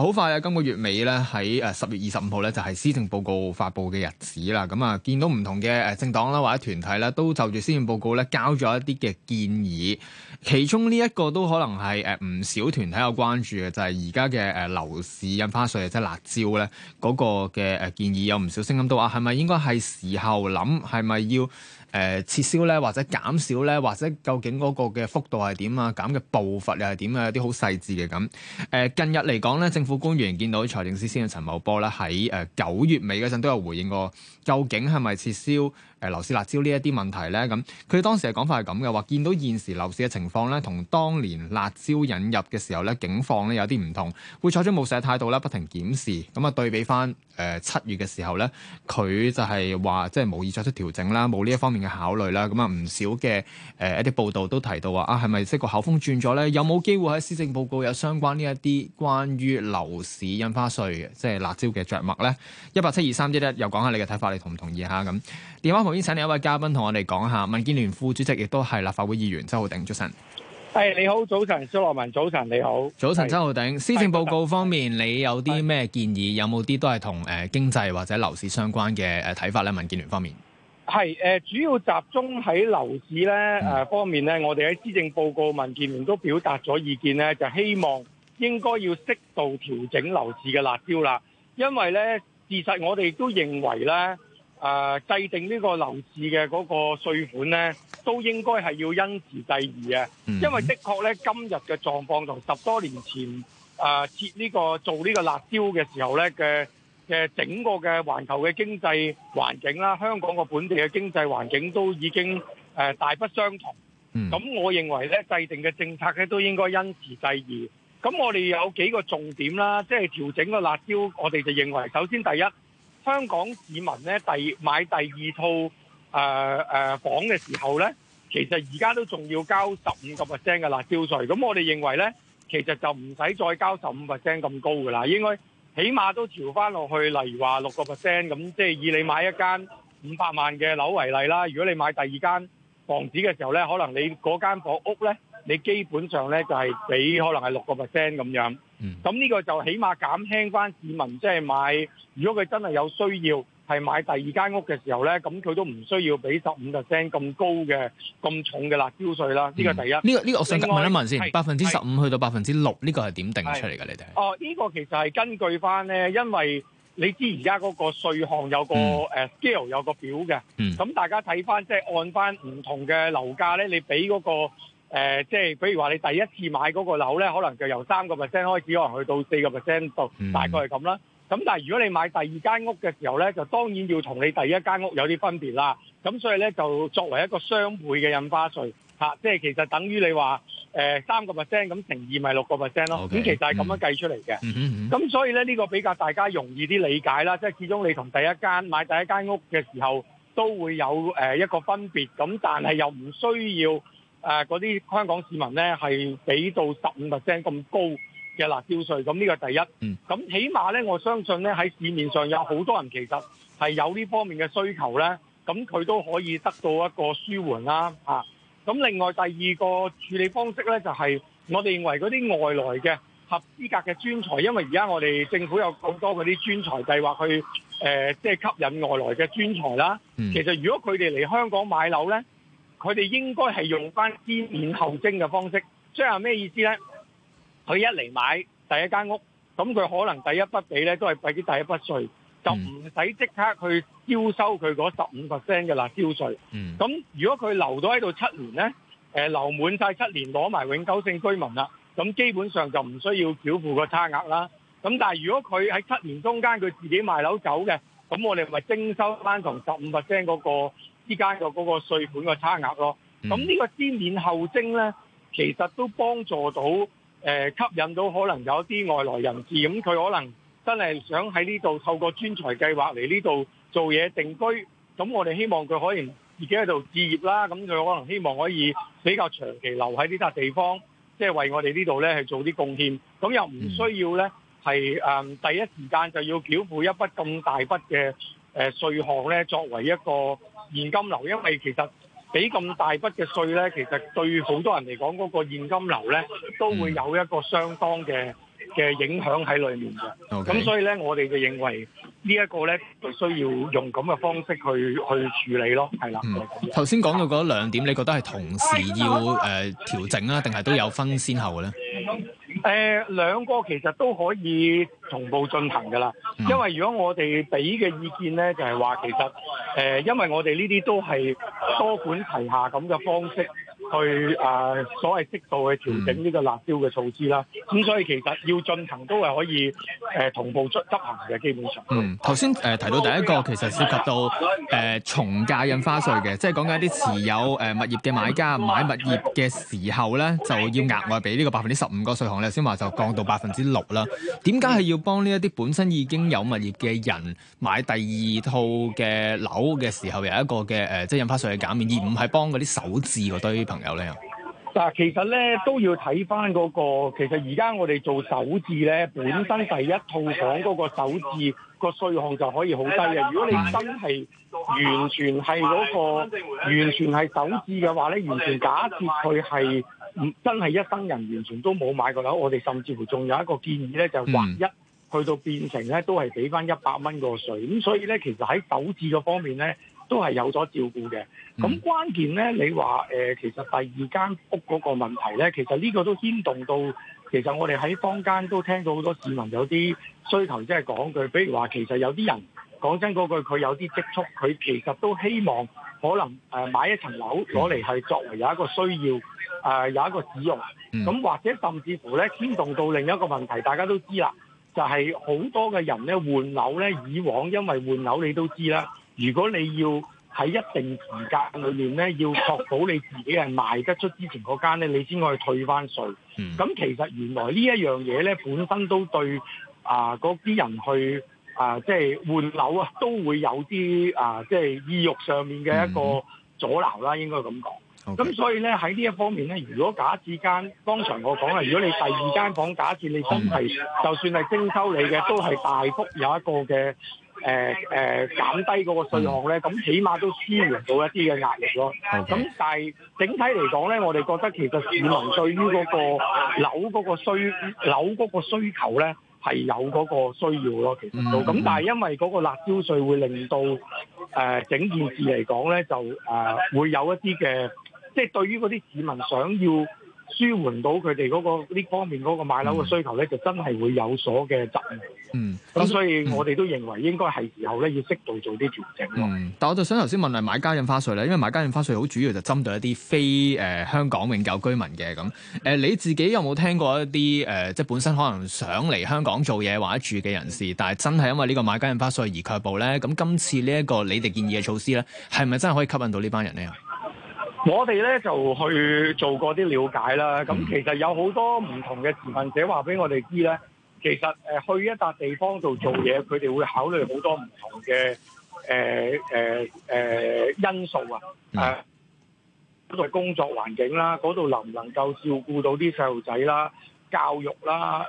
好快啊！今個月尾咧，喺誒十月二十五號咧，就係施政報告發布嘅日子啦。咁啊，見到唔同嘅誒政黨啦，或者團體咧，都就住施政報告咧交咗一啲嘅建議。其中呢一個都可能係誒唔少團體有關注嘅，就係而家嘅誒樓市印花稅，即係辣椒咧嗰個嘅誒建議，有唔少聲音都話，係咪應該係時候諗，係咪要？誒、呃、撤銷咧，或者減少咧，或者究竟嗰個嘅幅度係點啊？減嘅步伐又係點啊？有啲好細緻嘅咁。呃、近日嚟講咧，政府官員見到財政司司長陳茂波呢，喺呃、九月尾嗰陣都有回應過。究竟係咪撤銷誒樓市辣椒呢一啲問題呢？咁佢當時嘅講法係咁嘅，話見到現時樓市嘅情況呢，同當年辣椒引入嘅時候呢，景況呢有啲唔同，會採取謹慎嘅態度啦，不停檢視。咁啊對比翻誒七月嘅時候呢，佢就係話即係冇意作出調整啦，冇呢一方面嘅考慮啦。咁啊唔少嘅誒一啲報道都提到話啊，係咪即係個口風轉咗呢？有冇機會喺施政報告有相關呢一啲關於樓市印花稅即係辣椒嘅着墨呢？」一八七二三之一又講下你嘅睇法。同唔同意吓，咁？電話旁邊請另一位嘉賓同我哋講下，民建聯副主席亦都係立法會議員周浩鼎，早晨。係你好，早晨，蘇羅文，早晨你好。早晨，是周浩鼎，施政報告方面，是你有啲咩建議，是有冇啲都係同誒經濟或者樓市相關嘅誒睇法咧？民建聯方面。係誒主要集中喺樓市咧誒方面咧，嗯、我哋喺施政報告，民建聯都表達咗意見咧，就是、希望應該要適度調整樓市嘅辣招啦，因為咧事實我哋都認為咧。誒、啊、制定呢個樓市嘅嗰個稅款咧,都應該係要因時制宜啊！因為的確咧，今日嘅狀況同十多年前誒設呢個做呢個辣招嘅時候咧嘅嘅整個嘅環球嘅經濟環境啦，香港個本地嘅經濟環境都已經誒、呃、大不相同。咁、嗯、我認為咧，制定嘅政策咧都應該因時制宜。咁我哋有幾個重點啦，即係調整個辣招，我哋就認為首先第一。香港市民咧，第買第二套誒誒、呃呃、房嘅時候咧，其實而家都仲要交十五個 percent 嘅啦，繳稅。咁我哋認為咧，其實就唔使再交十五 percent 咁高嘅啦，應該起碼都調翻落去。例如話六個 percent 咁，即係以你買一間五百萬嘅樓為例啦。如果你買第二間房子嘅時候咧，可能你嗰間房屋咧，你基本上咧就係俾可能係六個 percent 咁樣。咁呢、嗯、個就起碼減輕翻市民即係買，如果佢真係有需要係買第二間屋嘅時候咧，咁佢都唔需要俾十五個 percent 咁高嘅咁重嘅辣椒稅啦。呢個、嗯、第一，呢、這個呢、這個我想外問一問先，百分之十五去到百分之六呢個係點定出嚟嘅？你哋哦，呢、這個其實係根據翻咧，因為你知而家嗰個稅項有個誒、嗯 uh, scale 有個表嘅，咁、嗯、大家睇翻即係按翻唔同嘅樓價咧，你俾嗰、那個。誒、呃，即係比如話，你第一次買嗰個樓咧，可能就由三個 percent 開始，可能去到四個 percent 到，大概係咁啦。咁、嗯、但係如果你買第二間屋嘅時候咧，就當然要同你第一間屋有啲分別啦。咁所以咧就作為一個雙倍嘅印花稅嚇、啊，即係其實等於你話誒三個 percent 咁乘二咪六個 percent 咯。咁 Okay，其實係咁樣計出嚟嘅。咁、嗯、所以咧呢、呢個比較大家容易啲理解啦。即係始終你同第一間買第一間屋嘅時候都會有誒、呃、一個分別，咁但係又唔需要。誒嗰啲香港市民咧，係俾到十五 percent 咁高嘅辣招稅，咁、啊、呢個第一。咁起碼咧，我相信咧喺市面上有好多人其實係有呢方面嘅需求咧，咁佢都可以得到一個舒緩啦、啊。啊，咁另外第二個處理方式咧，就係、是、我哋認為嗰啲外來嘅合資格嘅專才，因為而家我哋政府有好多嗰啲專才計劃去即係、呃就是、吸引外來嘅專才啦。其實如果佢哋嚟香港買樓咧？佢哋應該係用翻先免後徵嘅方式，即係咩意思咧？佢一嚟買第一間屋，咁佢可能第一筆俾咧都係俾啲第一筆稅，就唔使即刻去繳收佢嗰十五 percent 嘅啦，繳稅。咁如果佢留到喺度七年咧，誒留滿曬七年攞埋永久性居民啦，咁基本上就唔需要繳付個差額啦。咁但係如果佢喺七年中間佢自己賣樓走嘅，咁我哋咪徵收翻同十五 percent 嗰個。之間嘅嗰個稅款嘅差額咯，咁呢、嗯、個先免後徵呢，其實都幫助到誒、呃、吸引到可能有啲外來人士，咁、嗯、佢可能真係想喺呢度透過專才計劃嚟呢度做嘢定居，咁我哋希望佢可以自己喺度置業啦，咁佢可能希望可以比較長期留喺呢笪地方，即、就、係、是、為我哋呢度呢係做啲貢獻，咁又唔需要呢，係誒、嗯、第一時間就要繳付一筆咁大筆嘅。誒稅項咧作為一個現金流，因為其實俾咁大筆嘅稅咧，其實對好多人嚟講嗰個現金流咧，都會有一個相當嘅嘅影響喺裡面嘅。咁所以咧，我哋就認為呢一個咧，就需要用咁嘅方式去去處理咯，係啦。頭先講到嗰兩點，你覺得係同時要誒調整啊，定係都有分先後嘅咧？誒、呃、兩個其實都可以同步進行㗎啦，因為如果我哋俾嘅意見咧，就係、是、話其實，誒、呃，因為我哋呢啲都係多管齊下咁嘅方式。去、呃、所謂適度去調整呢個辣椒嘅措施啦，咁、嗯嗯、所以其實要進行都係可以誒、呃、同步執行嘅基本上。嗯，頭先誒提到第一個其實涉及到誒、呃、從價印花稅嘅，即係講緊一啲持有誒物業嘅買家買物業嘅時候咧，就要額外俾呢個百分之十五個稅項呢，你先話就降到百分之六啦。點解係要幫呢一啲本身已經有物業嘅人買第二套嘅樓嘅時候有一個嘅誒、呃、即係印花稅嘅減免，而唔係幫嗰啲首次。堆？有咧，嗱，其實咧都要睇翻嗰個。其實而家我哋做首置咧，本身第一套房嗰個首置個稅項就可以好低嘅。如果你真係完全係嗰個，完全係首置嘅話咧，完全假設佢係唔真係一生人，完全都冇買過樓，我哋甚至乎仲有一個建議咧，就係話一去到變成咧都係俾翻一百蚊個稅。咁所以咧，其實喺首置嘅方面咧。都係有咗照顧嘅，咁關鍵呢，你話，呃，其實第二間屋嗰個問題呢，其實呢個都牽動到，其實我哋喺坊間都聽到好多市民有啲需求，即係講句，比如話其實有啲人講真嗰句，佢有啲積蓄，佢其實都希望可能誒買一層樓攞嚟係作為有一個需要，誒，呃，有一個使用，咁或者甚至乎呢，牽動到另一個問題，大家都知啦，就係、是、好多嘅人呢，換樓呢，以往因為換樓，你都知啦。如果你要喺一定時間裏面咧，要確保你自己係賣得出之前嗰間咧，你先可以退返稅。咁、嗯、其實原來這呢一樣嘢咧，本身都對啊嗰啲人去啊、呃、即係換樓啊，都會有啲啊、呃、即係意欲上面嘅一個阻撓啦，應該咁講。咁 Okay. 所以咧喺呢在這一方面咧，如果假設間剛才我講啊，如果你第二間房假設你真係、嗯、就算係徵收你嘅，都係大幅有一個嘅。誒誒、呃呃、減低嗰個稅項咧，咁起碼都支援到一啲嘅壓力咯。咁 Okay. 但係整體嚟講咧，我哋覺得其實市民對於嗰個樓嗰個需樓嗰個需求咧係有嗰個需要咯。其實都咁，mm hmm. 但係因為嗰個辣招稅會令到、呃、整件事嚟講咧，就、呃、會有一啲嘅，即、就是、對於嗰啲市民想要。舒緩到佢哋嗰個呢方面嗰個買樓嘅需求咧，嗯、就真係會有所嘅擠壓。嗯，咁所以我哋都認為應該係時候咧，要適度做啲調整，嗯，但我就想頭先問下買家印花稅咧，因為買家印花稅好主要就針對一啲非誒、呃、香港永久居民嘅咁。誒，你自己有冇聽過一啲誒、呃，即係本身可能想嚟香港做嘢或者住嘅人士，但係真係因為呢個買家印花稅而卻步咧？咁今次呢一個你哋建議嘅措施咧，係咪真係可以吸引到呢班人咧？我哋咧就去做過啲了解啦，咁其實有好多唔同嘅持份者話俾我哋知咧，其實去一笪地方度做嘢，佢哋會考慮好多唔同嘅、呃呃呃、因素啊，嗰度、嗯、工作環境啦，嗰、那、度、個、能唔能夠照顧到啲細路仔啦、教育啦，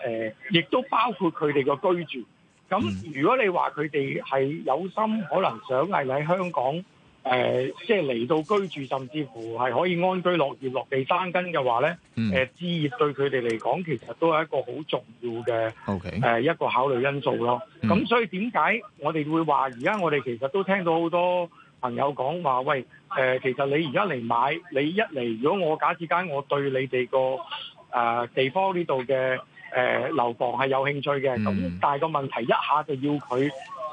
亦、呃、都包括佢哋個居住。咁如果你話佢哋係有心，可能想係喺香港。誒、呃，即係嚟到居住，甚至乎係可以安居樂業、落地生根嘅話咧，誒、mm. 呃，置業對佢哋嚟講，其實都係一個好重要嘅誒 Okay.、呃、一個考慮因素咯。咁、mm. 所以點解我哋會話而家我哋其實都聽到好多朋友講話，喂，誒、呃，其實你而家嚟買，你一嚟，如果我假設間我對你哋個誒地方呢度嘅誒樓房係有興趣嘅，咁、mm. 但係個問題一下就要佢。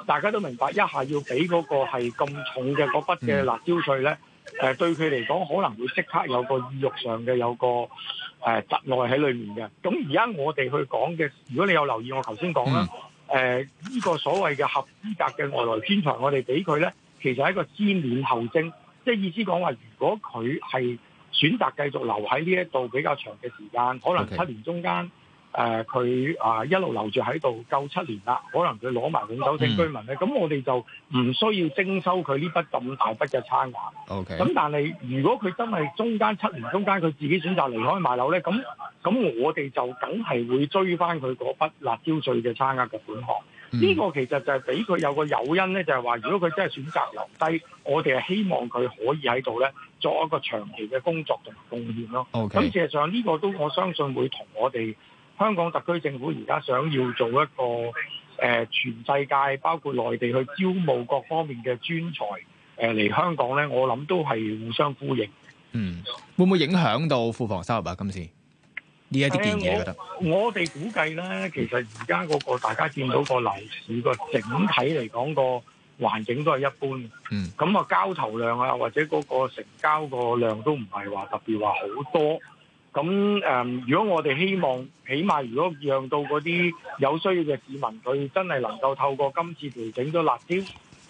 大家都明白，一下要俾嗰個係咁重嘅嗰筆嘅辣招稅咧，誒、嗯呃、對佢嚟講可能會即刻有個意欲上嘅有個誒窒礙喺裏面嘅。咁而家我哋去講嘅，如果你有留意我頭先講啦，誒呢、嗯呃這個所謂嘅合資格嘅外來專才，我哋俾佢咧，其實係一個先免後徵，即係意思講話，如果佢係選擇繼續留喺呢一度比較長嘅時間，Okay. 可能七年中間。誒佢、呃、啊一路留住喺度，夠七年啦，可能佢攞埋永久性居民咧，咁、嗯、我哋就唔需要徵收佢呢筆咁大筆嘅差額。O K. 咁但係如果佢真係中間七年中間佢自己選擇離開賣樓咧，咁咁我哋就梗係會追翻佢嗰筆辣招稅嘅差額嘅款項。呢、嗯、個其實就係俾佢有個誘因咧，就係、是、話如果佢真係選擇留低，我哋係希望佢可以喺度咧做一個長期嘅工作同埋貢獻咯。咁 Okay. 事實上呢個都我相信會同我哋。香港特區政府而家想要做一個誒、呃，全世界包括內地去招募各方面嘅專才，誒、呃、嚟香港咧，我諗都係互相呼應的。嗯，會唔會影響到庫房收入啊？今次呢一啲建議、呃，我覺得我哋估計咧，其實而家嗰個大家見到個樓市個整體嚟講、個環境都係一般的。嗯，咁啊，交投量啊，或者嗰個成交個量都唔係話特別話好多。咁誒，如果我哋希望，起碼如果讓到嗰啲有需要嘅市民，佢真係能夠透過今次調整咗辣招，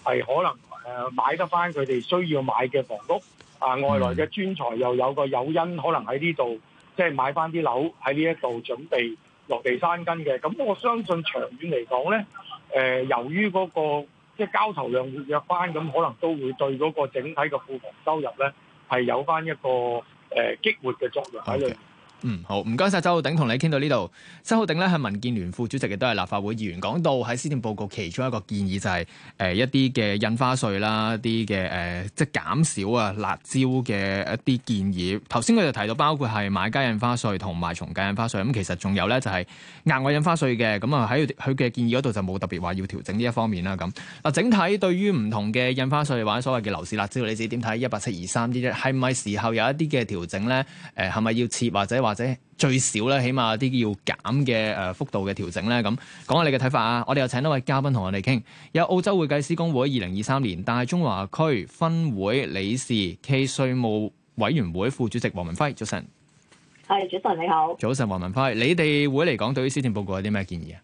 係可能誒、呃、買得翻佢哋需要買嘅房屋。啊、呃，外來嘅專才又有個誘因，可能喺呢度即係買翻啲樓喺呢一度準備落地生根嘅。咁我相信長遠嚟講咧，誒、呃，由於嗰、那個即係交投量活躍翻，咁可能都會對嗰個整體嘅庫房收入咧係有翻一個。誒激活嘅作用喺度。Uh, Okay. 嗯，好，唔該晒。周浩鼎，同你傾到呢度。周浩鼎咧係民建聯副主席亦都係立法會議員。講到喺施政報告其中一個建議就係、是、誒、呃、一啲嘅印花稅啦，啲嘅誒即係減少啊辣招嘅一啲建議。頭先佢就提到包括係買家印花稅同埋從價印花稅。咁、嗯、其實仲有咧就係、是、額外印花稅嘅。咁啊喺佢嘅建議嗰度就冇特別話要調整呢一方面啦。咁啊整體對於唔同嘅印花稅或者所謂嘅樓市辣招，你自己點睇？一八七二三啲啫，係咪時候有一啲嘅調整咧？誒係咪要設或者話？或者最少啦，起碼有啲要減嘅誒幅度嘅調整咧，咁講下你嘅睇法啊！我哋又請一位嘉賓同我哋傾，有澳洲會計師公會二零二三年大中華區分會理事暨稅務委員會副主席王文暉，早晨。係，早晨你好。早晨，王文暉，你哋會嚟講對於施政報告，有啲咩建議啊？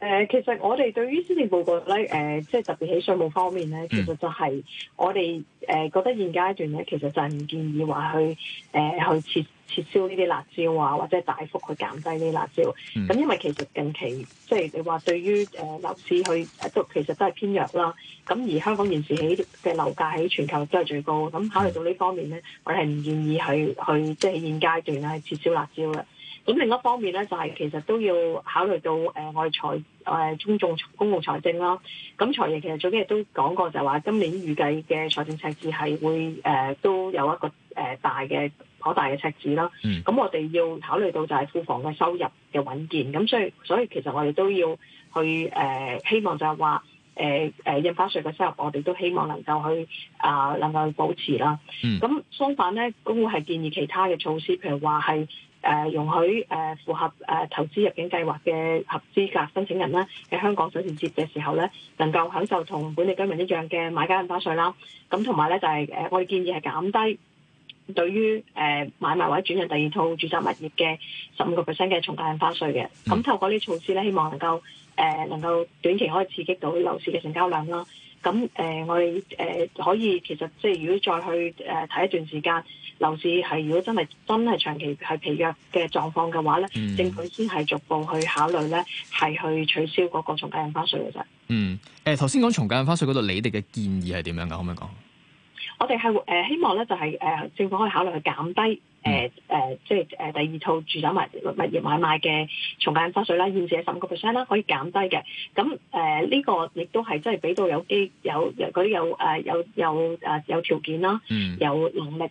誒、呃，其實我哋對於施政報告咧，誒、呃，即係特別起稅務方面咧，其實就係我哋誒、呃、覺得現階段咧，其實就係唔建議話去誒、呃、去撤撤銷呢啲辣招啊，或者大幅去減低呢啲辣招。咁、嗯、因為其實近期即係你話對於誒樓市去都其實都係偏弱啦。咁而香港現時起嘅樓價喺全球都係最高。咁考慮到呢方面咧，嗯、我哋係唔建議去去即係現階段去撤銷辣招嘅。咁另一方面咧，就係、是、其實都要考慮到、呃、我哋財誒、呃、中眾公共財政啦。咁財爺其實早幾日都講過就是說，就係話今年預計嘅財政赤字係會誒、呃、都有一個誒、呃、大嘅可大嘅赤字啦。咁、mm. 我哋要考慮到就係庫房嘅收入嘅穩健，咁所以所以其實我哋都要去誒、呃、希望就係話誒誒印花稅嘅收入，我哋都希望能夠去啊、呃、能夠去保持啦。咁、mm. 相反咧，公會係建議其他嘅措施，譬如話係。誒、呃、容許誒、呃、符合誒、呃、投資入境計劃嘅合資格申請人啦，喺香港首次接嘅時候咧，能夠享受同本地居民一樣嘅買家印花稅啦。咁同埋咧就係、是、誒，我哋建議係減低對於誒、呃、買賣或者轉讓第二套住宅物業嘅十五個 percent 嘅重價印花稅嘅。咁透過呢啲措施咧，希望能夠。誒能夠短期可以刺激到樓市嘅成交量啦，咁誒、呃、我哋誒、呃、可以其實即係如果再去誒睇、呃、一段時間，樓市係如果真係真係長期係疲弱嘅狀況嘅話咧，嗯、政府先係逐步去考慮咧係去取消嗰個從價印花稅嘅啫。嗯，誒頭先講從價印花稅嗰度，你哋嘅建議係點樣噶？可唔可以講？我哋係誒希望咧，就係、是、誒、呃、政府可以考慮去減低。誒誒、mm hmm. 呃，即係誒第二套住宅物業買賣嘅從價印花稅啦，現時係十五個 percent 啦，可以減低嘅。咁誒呢個亦都係真係俾到有機有有啲、呃、有誒有有誒有條件啦，mm hmm. 有能力誒誒、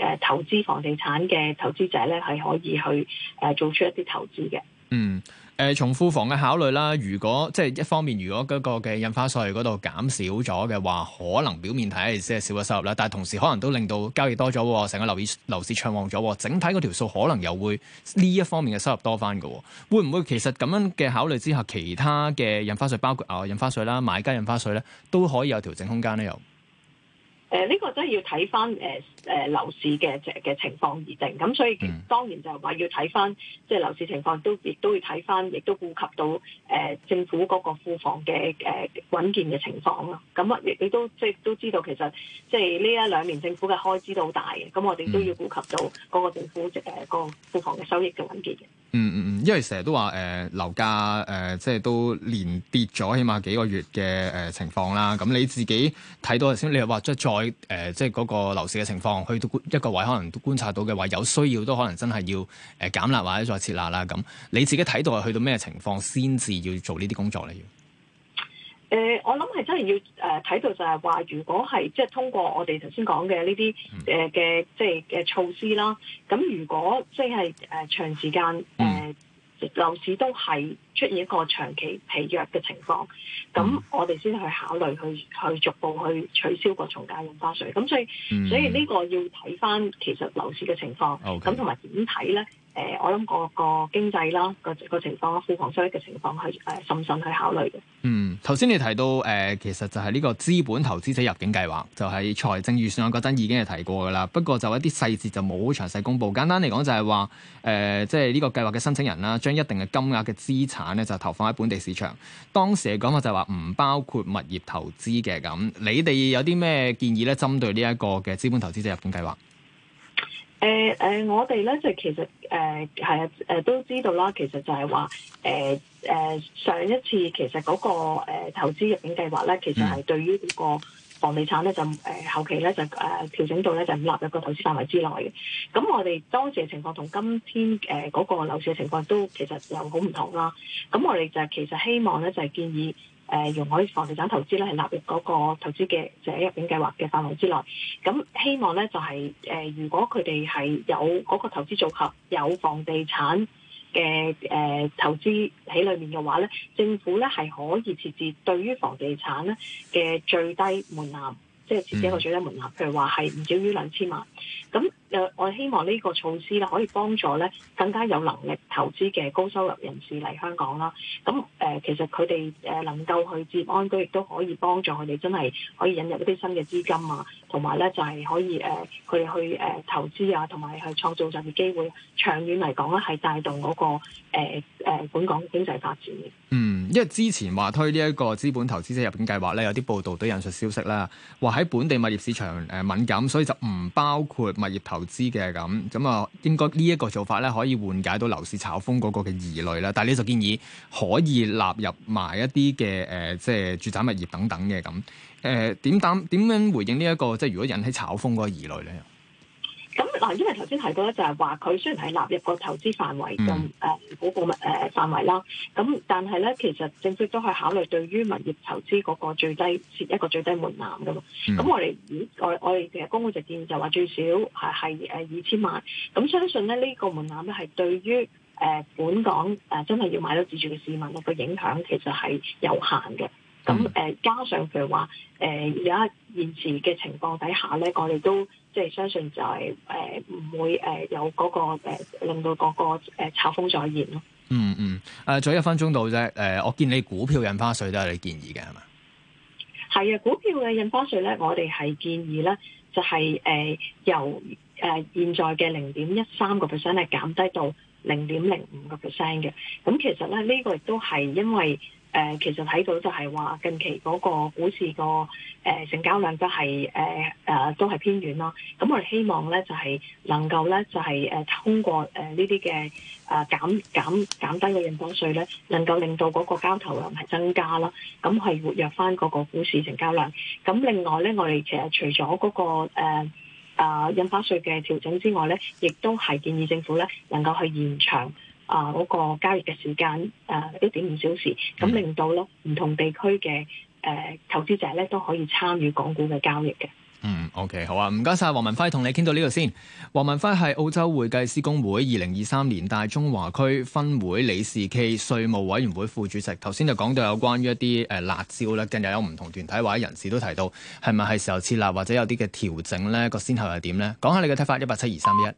呃、投資房地產嘅投資者咧，係可以去誒做出一啲投資嘅。嗯，誒、呃，從庫房嘅考慮啦，如果即係一方面，如果嗰個嘅印花稅嗰度減少咗嘅話，可能表面睇即係少咗收入啦，但係同時可能都令到交易多咗，成個樓市樓市暢旺咗，整體嗰條數可能又會呢一方面嘅收入多翻嘅，會唔會其實咁樣嘅考慮之下，其他嘅印花稅，包括啊印花稅啦、買家印花稅咧，都可以有調整空間咧？又誒、呃，呢個真係要睇翻誒。呃誒、呃、樓市嘅嘅情況而定，咁所以當然就係話要睇翻，即係樓市情況都亦都要睇翻，亦都顧及到誒、呃、政府嗰個庫房嘅誒、呃、穩健嘅情況咯。咁啊，亦你都即係都知道，其實即係呢一兩年政府嘅開支都好大嘅，咁我哋都要顧及到嗰個政府即係個庫房嘅收益嘅穩健嘅。嗯嗯嗯，因為成日都話誒、呃、樓價誒、呃、即係都連跌咗起碼幾個月嘅誒、呃、情況啦。咁你自己睇到頭先，你話即係再誒、呃、即係嗰個樓市嘅情況。去到一個位，可能都觀察到嘅話，有需要都可能真係要誒減辣或者再撤辣啦。咁你自己睇到係去到咩情況，先至要做呢啲工作咧？要誒、呃，我諗係真係要誒睇、呃、到就係、是、話，如果係即係通過我哋頭先講嘅呢啲誒嘅即係嘅措施啦，咁如果即係誒、呃、長時間。嗯樓市都係出現一個長期疲弱嘅情況，咁我哋先去考慮去去逐步去取消個從價印花稅，咁所以、mm hmm. 所以呢個要睇翻其實樓市嘅情況，咁同埋點睇咧？誒，我諗個個經濟啦，個個情況啦，庫房收益嘅情況係審慎去考慮嘅。嗯，頭先你提到、呃、其實就係呢個資本投資者入境計劃，就喺、是、財政預算嗰陣已經係提過噶啦。不過就一啲細節就冇詳細公布。簡單嚟講就係話誒，即係呢個計劃嘅申請人啦，將一定嘅金額嘅資產咧，就投放喺本地市場。當時嘅講法就係話唔包括物業投資嘅咁。你哋有啲咩建議咧？針對呢一個嘅資本投資者入境計劃？誒誒、呃呃，我哋咧就其實誒係啊，誒、呃呃、都知道啦。其實就係話誒誒上一次其實嗰、那個誒、呃、投資入境計劃咧，其實係對於個房地產咧就誒、呃、後期咧、呃、就誒調整到咧就唔納入個投資範圍之內嘅。咁我哋當時嘅情況同今天誒嗰、呃那個樓市嘅情況都其實又好唔同啦。咁我哋就其實希望咧就係、是、建議。誒容許房地產投資咧係納入嗰個投資嘅就喺入境計劃嘅範圍之內，咁希望咧就係、是、誒，如果佢哋係有嗰個投資組合有房地產嘅誒、呃、投資喺裏面嘅話咧，政府咧係可以設置對於房地產咧嘅最低門檻。即係設置一個最低門檻，譬、嗯、如話係唔少於兩千萬。咁又我希望呢個措施咧，可以幫助咧更加有能力投資嘅高收入人士嚟香港啦。咁誒、呃，其實佢哋誒能夠去置安居，亦都可以幫助佢哋真係可以引入一啲新嘅資金啊。同埋咧，就係可以誒佢哋去誒、呃、投資啊，同埋去創造就業機會。長遠嚟講咧，係帶動嗰、那個誒、呃呃、本港經濟發展嗯。因為之前話推呢一個資本投資者入境計劃咧，有啲報道都引述消息啦，話喺本地物業市場誒敏感，所以就唔包括物業投資嘅咁。咁啊，應該呢一個做法咧，可以緩解到樓市炒風嗰個嘅疑慮啦。但係你就建議可以納入埋一啲嘅誒，即、呃、係、係、住宅物業等等嘅咁。誒點擔點樣回應呢、呢、一個即係如果引起炒風嗰個疑慮咧？咁嗱，因為頭先提過咧，就係話佢雖然係納入個投資範圍咁誒股物誒範圍啦，咁、嗯嗯、但係咧其實政府都係考慮對於物業投資嗰個最低設一個最低門檻嘛。咁、嗯、我哋以我我哋其實公共直見就話最少係係誒二千萬。咁相信咧呢、呢個門檻咧係對於誒、呃、本港誒、呃、真係要買到自住嘅市民個影響其實係有限嘅。咁、嗯呃、加上譬如話誒而家現時嘅情況底下咧，我哋都。即係相信就係誒唔會誒有嗰個誒令到嗰個誒炒風再現咯。嗯嗯，誒，仲有一分鐘到啫。誒，我見你股票印花稅都係你建議嘅係嘛？係啊，股票嘅印花稅咧，我哋係建議咧，就係誒由誒現在嘅零點一三個 percent 係減低到零點零五個 percent 嘅。咁其實咧呢個亦都係因為。誒、呃、其實睇到就係話近期嗰個股市個誒、呃、成交量就係誒誒都係偏軟咯。咁我哋希望咧就係、是、能夠咧就係、是、誒通過誒呢啲嘅啊減減減低個印花稅咧，能夠令到嗰個交投量係增加啦。咁係活躍翻嗰個股市成交量。咁另外咧，我哋其實除咗嗰、那個誒、呃啊、印花稅嘅調整之外咧，亦都係建議政府咧能夠去延長。啊！嗰、呃那個交易嘅時間，誒一點五小時，咁令到咯唔同地區嘅誒、呃、投資者咧都可以參與港股嘅交易嘅。嗯，OK，好啊，唔該晒。王文暉，同你傾到呢度先。王文暉係澳洲會計師公會二零二三年大中華區分會理事暨稅務委員會副主席。頭先就講到有關於一啲誒辣招咧，近日有唔同團體或者人士都提到，係咪係時候設立或者有啲嘅調整咧？個先後係點咧？講下你嘅睇法。一八七二三一。